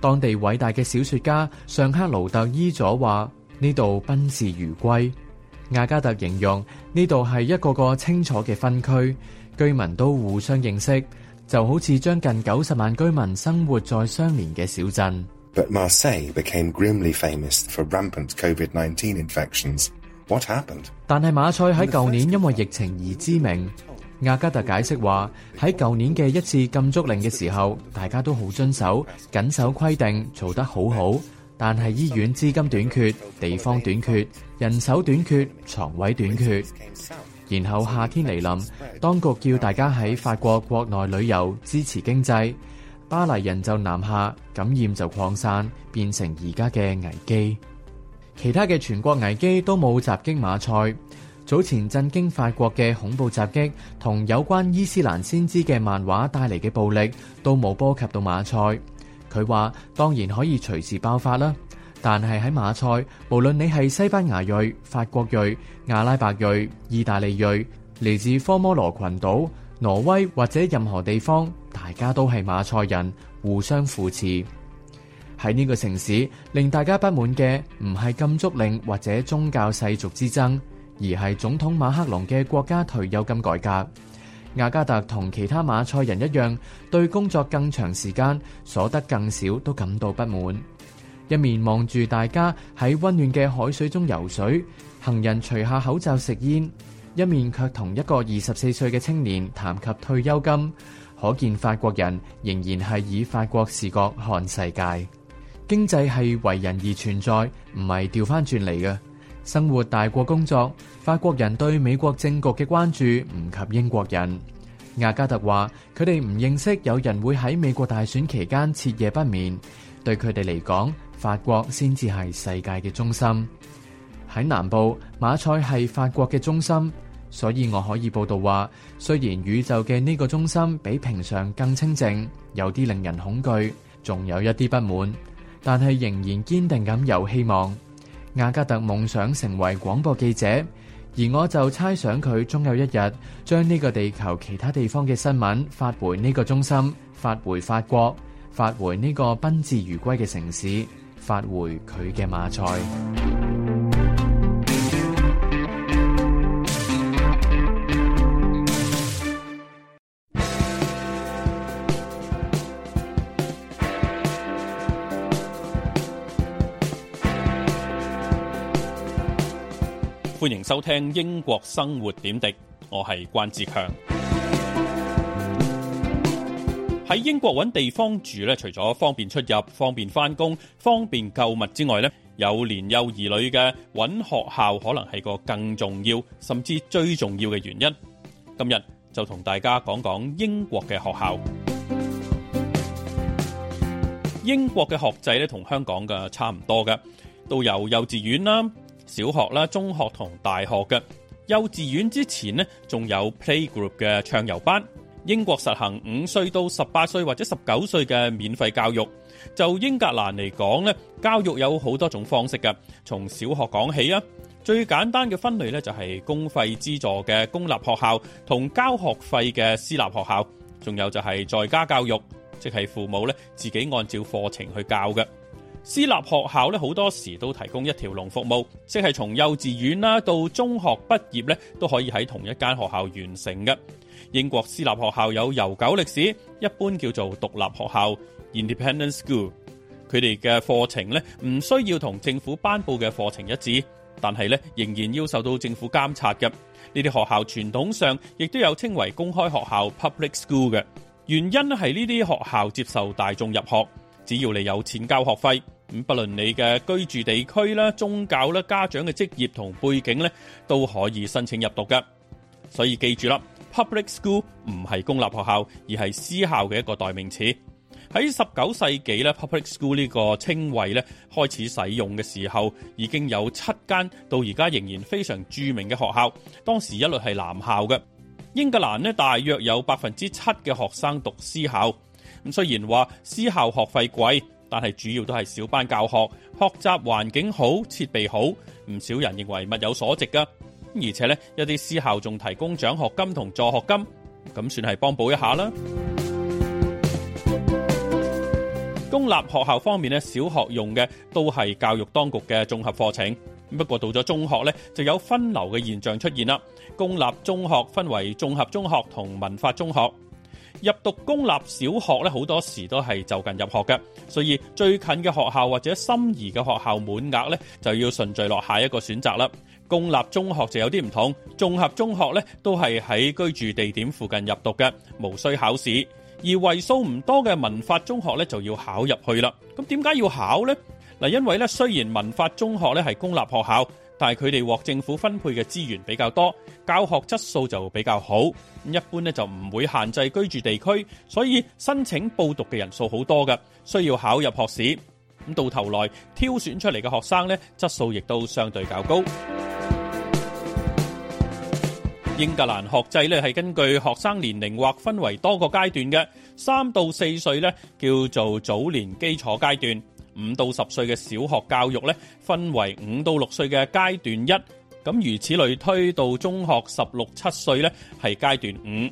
當地偉大嘅小說家尚克勞特伊佐話：呢度賓至如歸。亞加特形容呢度係一個個清楚嘅分區，居民都互相認識，就好似將近九十萬居民生活在相連嘅小鎮。But Marseille became grimly famous for rampant COVID-19 infections. What happened? 但係馬賽喺舊年因為疫情而知名。亞加特解釋話喺舊年嘅一次禁足令嘅時候，大家都好遵守，謹守規定，做得好好。但係醫院資金短缺、地方短缺、人手短缺、床位短缺。然後夏天嚟臨，當局叫大家喺法國國內旅遊支持經濟，巴黎人就南下，感染就擴散，變成而家嘅危機。其他嘅全國危機都冇襲擊馬賽。早前震驚法國嘅恐怖襲擊同有關伊斯蘭先知嘅漫畫帶嚟嘅暴力都冇波及到馬賽。佢話：當然可以隨時爆發啦，但係喺馬賽，無論你係西班牙裔、法國裔、阿拉伯裔、意大利裔，嚟自科摩羅群島、挪威或者任何地方，大家都係馬賽人，互相扶持。喺呢個城市，令大家不滿嘅唔係禁足令或者宗教世俗之爭，而係總統馬克龍嘅國家退休金改革。亞加特同其他馬賽人一樣，對工作更長時間、所得更少都感到不滿。一面望住大家喺溫暖嘅海水中游水，行人除下口罩食煙，一面卻同一個二十四歲嘅青年談及退休金。可見法國人仍然係以法國視角看世界。經濟係為人而存在，唔係調翻轉嚟嘅。生活大過工作。法國人對美國政局嘅關注唔及英國人，亞加特話：佢哋唔認識有人會喺美國大選期間徹夜不眠。對佢哋嚟講，法國先至係世界嘅中心。喺南部，馬賽係法國嘅中心，所以我可以報道話：雖然宇宙嘅呢個中心比平常更清靜，有啲令人恐懼，仲有一啲不滿，但係仍然堅定咁有希望。亞加特夢想成為廣播記者。而我就猜想佢終有一日，將呢個地球其他地方嘅新聞發回呢個中心，發回法國，發回呢個賓至如歸嘅城市，發回佢嘅馬賽。歡迎收聽英國生活點滴，我係關志強。喺 英國揾地方住咧，除咗方便出入、方便翻工、方便購物之外咧，有年幼兒女嘅揾學校，可能係個更重要，甚至最重要嘅原因。今日就同大家講講英國嘅學校。 英國嘅學制咧，同香港嘅差唔多嘅，都由幼稚園啦。小學啦、中學同大學嘅，幼稚園之前呢，仲有 playgroup 嘅唱遊班。英國實行五歲到十八歲或者十九歲嘅免費教育。就英格蘭嚟講呢，教育有好多種方式㗎。從小學講起啊，最簡單嘅分類呢，就係公費資助嘅公立學校同交學費嘅私立學校，仲有就係在家教育，即係父母呢自己按照課程去教嘅。私立學校咧好多時都提供一條龍服務，即係從幼稚園啦到中學畢業咧都可以喺同一間學校完成嘅。英國私立學校有悠久歷史，一般叫做獨立學校 （Independent School）。佢哋嘅課程咧唔需要同政府頒佈嘅課程一致，但係咧仍然要受到政府監察嘅。呢啲學校傳統上亦都有稱為公開學校 （Public School） 嘅，原因係呢啲學校接受大眾入學。只要你有錢交學費，咁不論你嘅居住地區啦、宗教啦、家長嘅職業同背景咧，都可以申請入讀㗎。所以記住啦，public school 唔係公立學校，而係私校嘅一個代名詞。喺十九世紀咧，public school 呢個稱謂咧開始使用嘅時候，已經有七間到而家仍然非常著名嘅學校。當時一律係男校嘅。英格蘭呢，大約有百分之七嘅學生讀私校。咁雖然話私校學費貴，但係主要都係小班教學，學習環境好，設備好，唔少人認為物有所值噶。而且呢，一啲私校仲提供獎學金同助學金，咁算係幫補一下啦。公立學校方面呢，小學用嘅都係教育當局嘅綜合課程，不過到咗中學呢，就有分流嘅現象出現啦。公立中學分為綜合中學同文化中學。入讀公立小學咧，好多時都係就近入學嘅，所以最近嘅學校或者心儀嘅學校，滿額咧就要順序落下一個選擇啦。公立中學就有啲唔同，綜合中學咧都係喺居住地點附近入讀嘅，無需考試；而為數唔多嘅文法中學咧就要考入去啦。咁點解要考呢？嗱，因為咧雖然文法中學咧係公立學校。但係佢哋獲政府分配嘅資源比較多，教學質素就比較好。一般呢就唔會限制居住地區，所以申請報讀嘅人數好多㗎，需要考入學試。咁到頭來挑選出嚟嘅學生呢，質素亦都相對較高。 英格蘭學制呢係根據學生年齡劃分為多個階段嘅，三到四歲呢叫做早年基礎階段。五到十歲嘅小學教育呢，分為五到六歲嘅階段一，咁如此類推到中學十六七歲呢，係階段五。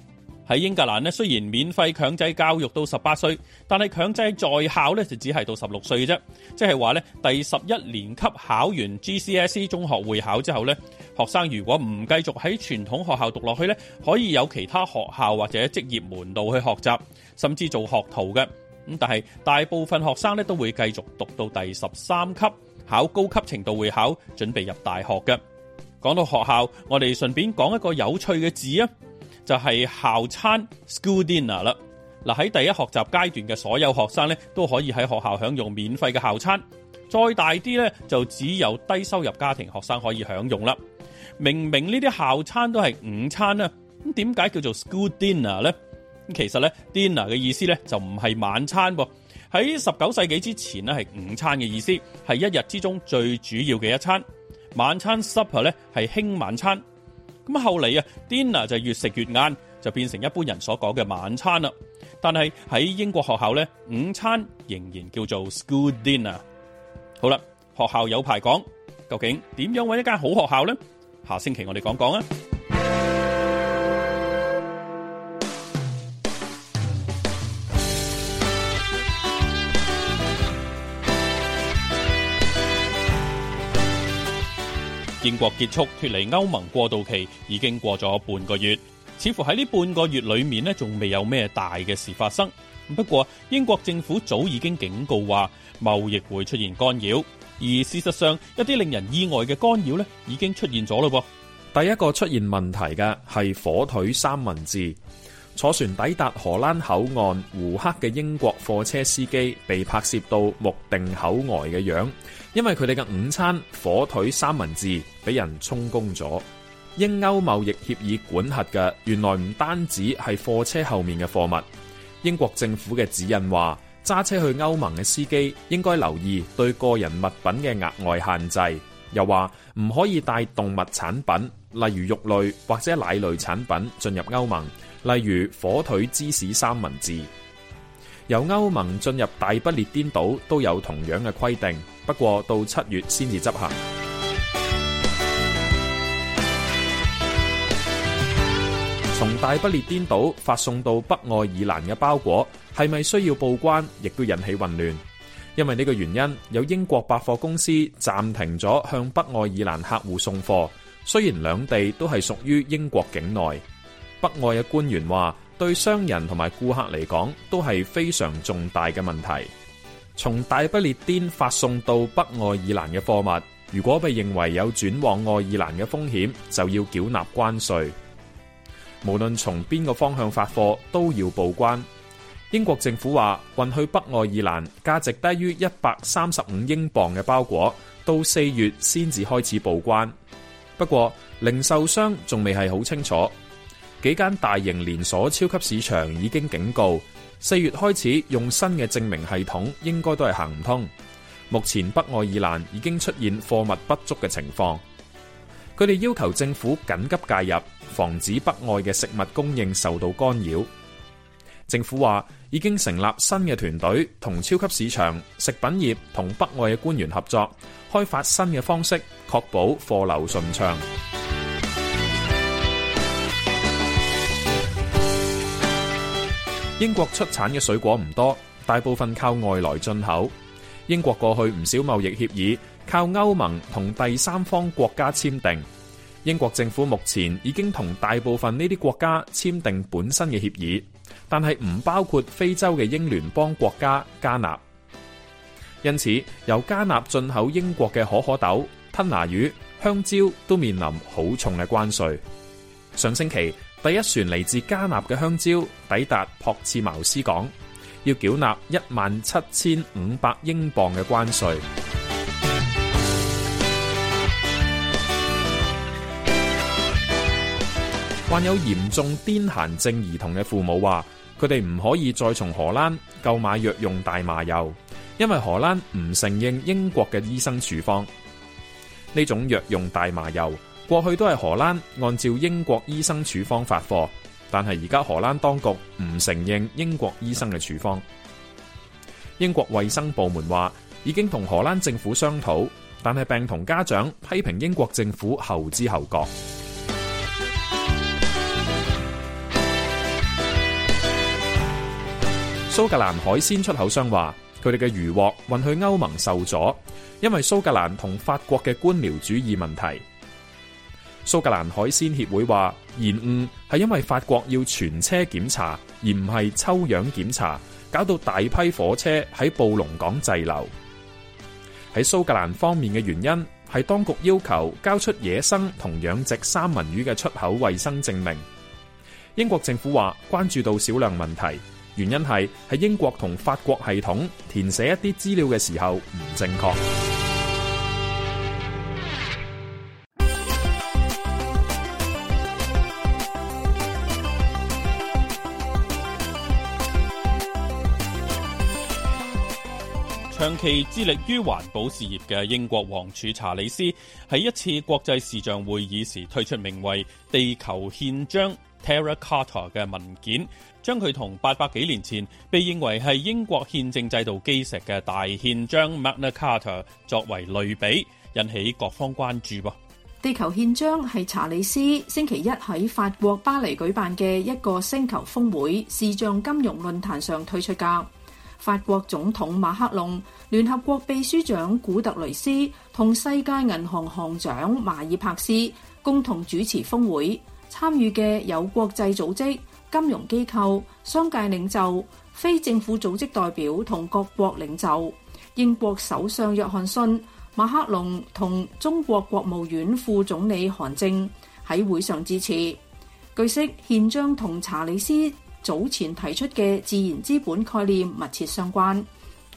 喺英格蘭呢，雖然免費強制教育到十八歲，但係強制在校呢，就只係到十六歲啫。即係話呢，第十一年級考完 GCSE 中學會考之後呢，學生如果唔繼續喺傳統學校讀落去呢，可以有其他學校或者職業門路去學習，甚至做學徒嘅。咁但係大部分學生咧都會繼續讀到第十三級，考高級程度會考，準備入大學嘅。講到學校，我哋順便講一個有趣嘅字啊，就係校餐 （school dinner） 啦。嗱，喺第一學習階段嘅所有學生咧，都可以喺學校享用免費嘅校餐。再大啲咧，就只有低收入家庭學生可以享用啦。明明呢啲校餐都係午餐啊，咁點解叫做 school dinner 呢？其實咧，dinner 嘅意思咧就唔係晚餐噃，喺十九世紀之前呢，係午餐嘅意思，係一日之中最主要嘅一餐。晚餐 supper 咧係輕晚餐。咁後嚟啊，dinner 就越食越晏，就變成一般人所講嘅晚餐啦。但係喺英國學校咧，午餐仍然叫做 school dinner。好啦，學校有排講，究竟點樣搵一間好學校呢？下星期我哋講講啊。英國結束脫離歐盟過渡期已經過咗半個月，似乎喺呢半個月裏面咧，仲未有咩大嘅事發生。不過英國政府早已經警告話，貿易會出現干擾，而事實上一啲令人意外嘅干擾咧，已經出現咗咯噃。第一個出現問題嘅係火腿三文治，坐船抵達荷蘭口岸胡克嘅英國貨車司機被拍攝到目定口呆嘅樣。因為佢哋嘅午餐火腿三文治俾人充公咗，英歐貿易協議管轄嘅原來唔單止係貨車後面嘅貨物。英國政府嘅指引話，揸車去歐盟嘅司機應該留意對個人物品嘅額外限制，又話唔可以帶動物產品，例如肉類或者奶類產品進入歐盟，例如火腿、芝士三文治。由歐盟進入大不列顛島都有同樣嘅規定，不過到七月先至執行。從大不列顛島發送到北愛爾蘭嘅包裹係咪需要報關，亦都引起混亂。因為呢個原因，有英國百貨公司暫停咗向北愛爾蘭客戶送貨。雖然兩地都係屬於英國境內，北愛嘅官員話，對商人同埋顧客嚟講，都係非常重大嘅問題。從大不列顛發送到北愛爾蘭嘅貨物，如果被認為有轉往愛爾蘭嘅風險，就要繳納關稅。無論從邊個方向發貨，都要報關。英國政府話，運去北愛爾蘭價值低於一百三十五英鎊嘅包裹，到四月先至開始報關。不過零售商仲未係好清楚。幾間大型連鎖超級市場已經警告，四月開始用新嘅證明系統，應該都係行唔通。目前北愛爾蘭已經出現貨物不足嘅情況，佢哋要求政府緊急介入，防止北愛嘅食物供應受到干擾。政府話已經成立新嘅團隊，同超級市場、食品業同北愛嘅官員合作，開發新嘅方式，確保貨流順暢。英國出產嘅水果唔多，大部分靠外來進口。英國過去唔少貿易協議，靠歐盟同第三方國家簽訂。英國政府目前已經同大部分呢啲國家簽訂本身嘅協議，但係唔包括非洲嘅英聯邦國家加納。因此，由加納進口英國嘅可可豆、吞拿魚、香蕉都面臨好重嘅關稅。上星期，第一船嚟自加納嘅香蕉抵達朴茨茅斯港，要繳納一萬七千五百英鎊嘅關稅。 患有嚴重癲癇症兒童嘅父母話，佢哋唔可以再從荷蘭購買藥用大麻油，因為荷蘭唔承認英國嘅醫生處方。呢種藥用大麻油，過去都係荷蘭按照英國醫生處方發貨，但係而家荷蘭當局唔承認英國醫生嘅處方。英國衛生部門話已經同荷蘭政府商討，但係病童家長批評英國政府後知後覺。蘇 格蘭海鮮出口商話，佢哋嘅漁獲運去歐盟受阻，因為蘇格蘭同法國嘅官僚主義問題。蘇格蘭海鮮協會話，延誤係因為法國要全車檢查，而唔係抽樣檢查，搞到大批火車喺布隆港滯留。喺蘇格蘭方面嘅原因係當局要求交出野生同養殖三文魚嘅出口衛生證明。英國政府話關注到少量問題，原因係喺英國同法國系統填寫一啲資料嘅時候唔正確。其致力於環保事業嘅英國王儲查理斯喺一次國際視像會議時推出名為《地球憲章》（Terra Carta） 嘅文件，將佢同八百幾年前被認為係英國憲政制度基石嘅大憲章 （Magna Carta） 作為類比，引起各方關注。地球憲章係查理斯星期一喺法國巴黎舉辦嘅一個星球峰會視像金融論壇上推出㗎。法國總統馬克龍、聯合國秘書長古特雷斯同世界銀行行長馬爾帕斯共同主持峰會，參與嘅有國際組織、金融機構、商界領袖、非政府組織代表同各國領袖。英國首相約翰遜、馬克龍同中國國務院副總理韓正喺會上致辭。據悉，憲章同查理斯。早前提出嘅自然資本概念密切相關。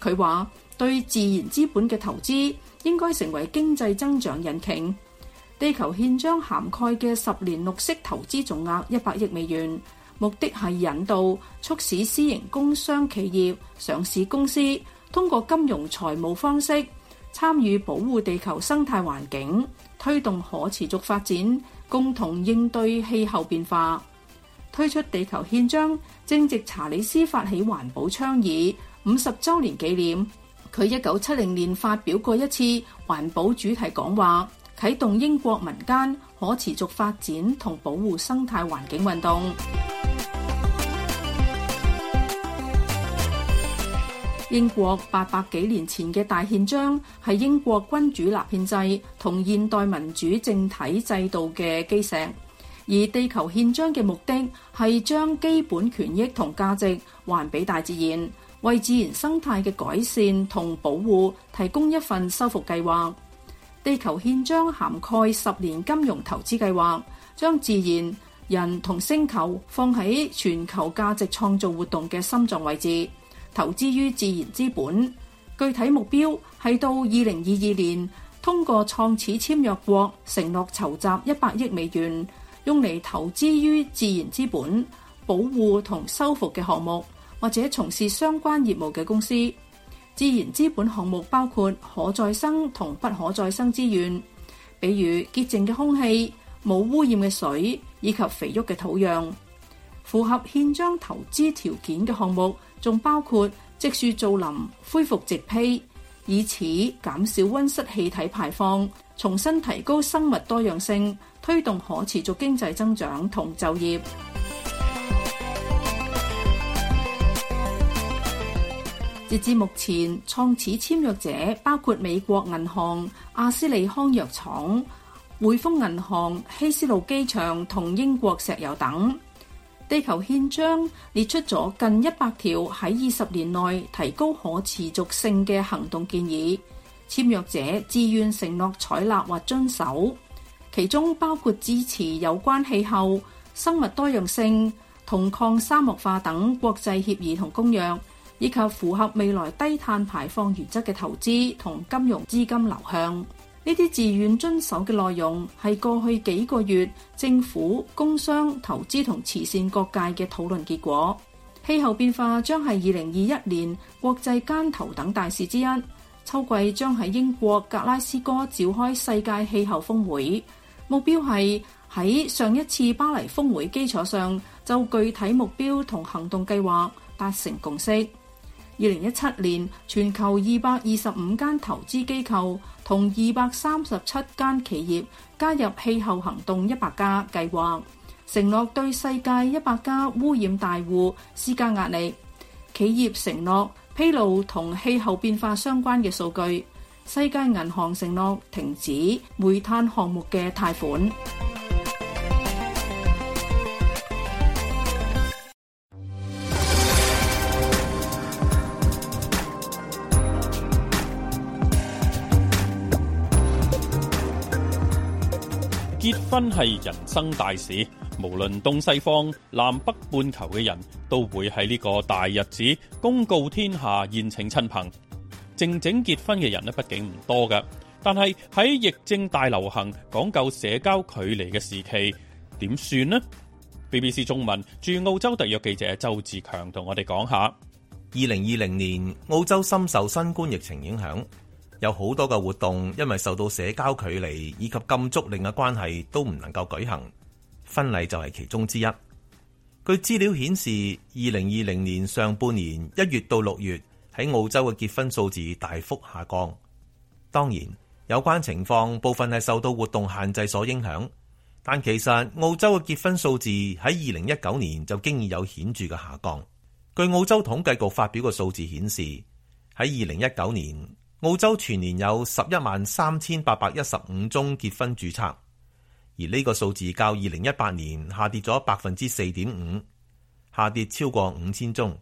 佢話對自然資本嘅投資應該成為經濟增長引擎。地球憲章涵蓋嘅十年綠色投資總額一百億美元，目的係引導、促使私營工商企業、上市公司通過金融財務方式參與保護地球生態環境，推動可持續發展，共同應對氣候變化。推出地球憲章，正值查理斯發起環保倡議五十周年紀念。佢一九七零年發表過一次環保主題講話，啟動英國民間可持續發展同保護生態環境運動。英國八百幾年前嘅大憲章係英國君主立憲制同現代民主政體制度嘅基石。而地球憲章嘅目的係將基本權益同價值還俾大自然，為自然生態嘅改善同保護提供一份修復計劃。地球憲章涵蓋十年金融投資計劃，將自然、人同星球放喺全球價值創造活動嘅心臟位置，投資於自然資本。具體目標係到二零二二年，通過創始簽約國承諾籌集一百億美元。用嚟投資於自然資本保護同修復嘅項目，或者從事相關業務嘅公司。自然資本項目包括可再生同不可再生資源，比如潔淨嘅空氣、冇污染嘅水以及肥沃嘅土壤。符合憲章投資條件嘅項目，仲包括植樹造林、恢復植被。以此減少溫室氣體排放，重新提高生物多樣性，推動可持續經濟增長同就業。 截至目前，創始簽約者包括美國銀行、阿斯利康藥廠、匯豐銀行、希斯路機場同英國石油等。地球憲章列出咗近一百條喺二十年內提高可持續性嘅行動建議，簽約者自願承諾採納或遵守，其中包括支持有關氣候、生物多樣性同抗沙漠化等國際協議同公約，以及符合未來低碳排放原則嘅投資同金融資金流向。呢啲自願遵守嘅內容，係過去幾個月政府、工商、投資同慈善各界嘅討論結果。氣候變化將係二零二一年國際間頭等大事之一。秋季將喺英國格拉斯哥召開世界氣候峰會，目標係喺上一次巴黎峰會基礎上就具體目標同行動計劃達成共識。二零一七年，全球二百二十五間投資機構同二百三十七間企業加入氣候行動一百家計劃，承諾對世界一百家污染大戶施加壓力。企業承諾披露同氣候變化相關嘅數據。世界銀行承諾停止煤炭項目嘅貸款。真係人生大事，無論東西方、南北半球嘅人都會喺呢個大日子公告天下，宴請親朋。靜靜結婚嘅人咧，畢竟唔多㗎，但係喺疫症大流行、講究社交距離嘅時期，點算呢？BBC 中文駐澳洲特約記者周志強同我哋講下：二零二零年澳洲深受新冠疫情影響。有好多嘅活動，因為受到社交距離以及禁足令嘅關係，都唔能夠舉行，婚禮就係其中之一。據資料顯示，二零二零年上半年一月到六月喺澳洲嘅結婚數字大幅下降。當然，有關情況部分係受到活動限制所影響，但其實澳洲嘅結婚數字喺二零一九年就經已有顯著嘅下降。據澳洲統計局發表嘅數字顯示，喺二零一九年。澳洲全年有十一萬三千八百一十五宗結婚註冊，而呢個數字較二零一八年下跌咗百分之四點五，下跌超過五千宗。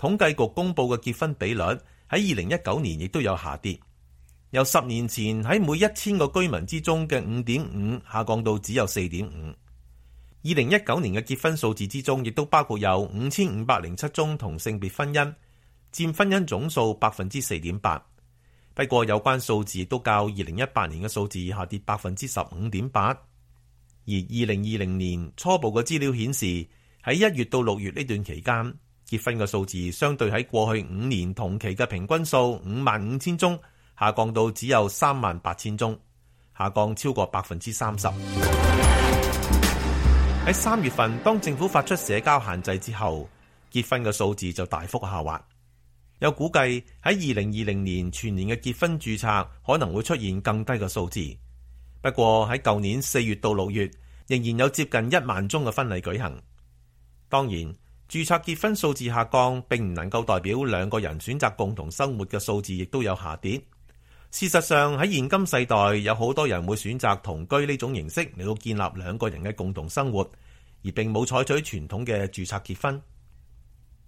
統計局公布嘅結婚比率喺二零一九年亦都有下跌，由十年前喺每一千個居民之中嘅五點五下降到只有四點五。二零一九年嘅結婚數字之中，亦都包括有五千五百零七宗同性別婚姻，佔婚姻總數百分之四點八。不過有關數字都較二零一八年嘅數字下跌百分之十五點八，而二零二零年初步嘅資料顯示，喺一月到六月呢段期間，結婚嘅數字相對喺過去五年同期嘅平均數五萬五千宗，下降到只有三萬八千宗，下降超過百分之三十。喺三月份，當政府發出社交限制之後，結婚嘅數字就大幅下滑。有估計喺二零二零年全年嘅結婚註冊可能會出現更低嘅數字，不過喺舊年四月到六月，仍然有接近一萬宗嘅婚禮舉行。當然，註冊結婚數字下降並唔能夠代表兩個人選擇共同生活嘅數字亦都有下跌。事實上，喺現今世代，有好多人會選擇同居呢種形式嚟到建立兩個人嘅共同生活，而並冇採取傳統嘅註冊結婚。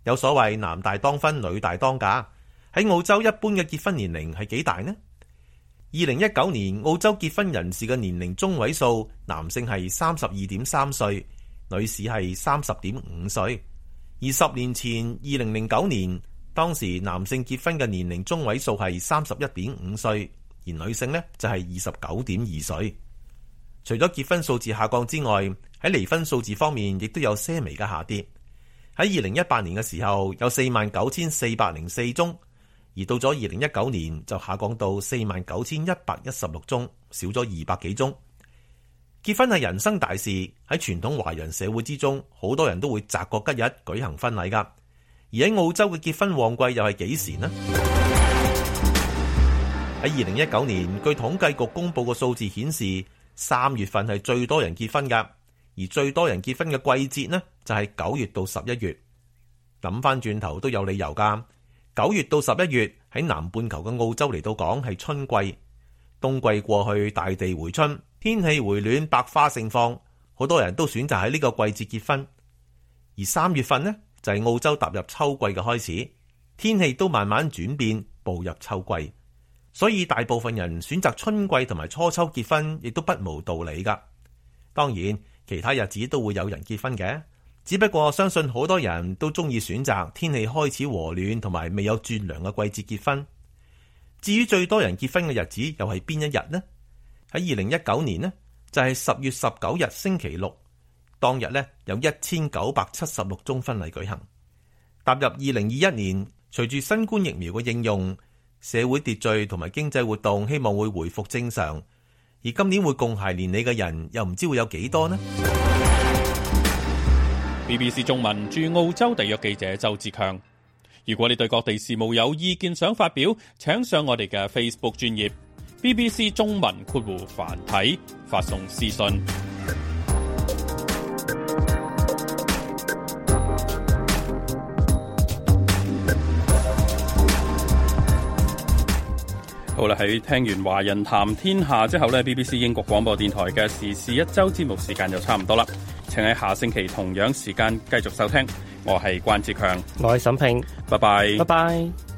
有所謂男大當婚，女大當嫁。喺澳洲，一般嘅結婚年齡係幾大呢？二零一九年澳洲結婚人士嘅年齡中位數，男性係三十二點三歲，女士係三十點五歲。而十年前，二零零九年，當時男性結婚嘅年齡中位數係三十一點五歲，而女性呢就係二十九點二歲。除咗結婚數字下降之外，喺離婚數字方面亦都有些微嘅下跌。喺二零一八年嘅時候有四萬九千四百零四宗，而到咗二零一九年就下降到四萬九千一百一十六宗，少咗二百幾宗。結婚係人生大事，喺傳統華人社會之中，好多人都會擇個吉日舉行婚禮噶。而喺澳洲嘅結婚旺季又係幾時呢？喺二零一九年，據統計局公佈嘅數字顯示，三月份係最多人結婚噶。而最多人結婚嘅季節呢，就係九月到十一月。諗翻轉頭都有理由噶。九月到十一月喺南半球嘅澳洲嚟到講係春季，冬季過去，大地回春，天氣回暖，百花盛放，好多人都選擇喺呢個季節結婚。而三月份呢就係澳洲踏入秋季嘅開始，天氣都慢慢轉變，步入秋季，所以大部分人選擇春季同埋初秋結婚，亦都不無道理噶。當然。其他日子都會有人結婚嘅，只不過相信好多人都中意選擇天氣開始和暖同埋未有轉涼嘅季節結婚。至於最多人結婚嘅日子又係邊一日呢？喺二零一九年呢，就係十月十九日星期六，當日呢有一千九百七十六宗婚禮舉行。踏入二零二一年，隨住新冠疫苗嘅應用，社會秩序同埋經濟活動希望會回復正常。而今年會共諧連理嘅人又唔知會有幾多呢？BBC 中文駐澳洲地約記者周志強。如果你對各地事務有意見想發表，請上我哋嘅 Facebook 專頁。BBC 中文括弧繁體發送私信。我哋喺聽完華人談天下之後呢 BBC 英國廣播電台嘅時事一周節目時間就差唔多啦，請喺下星期同樣時間繼續收聽。我係關智強，我係沈平，拜拜 bye，拜拜。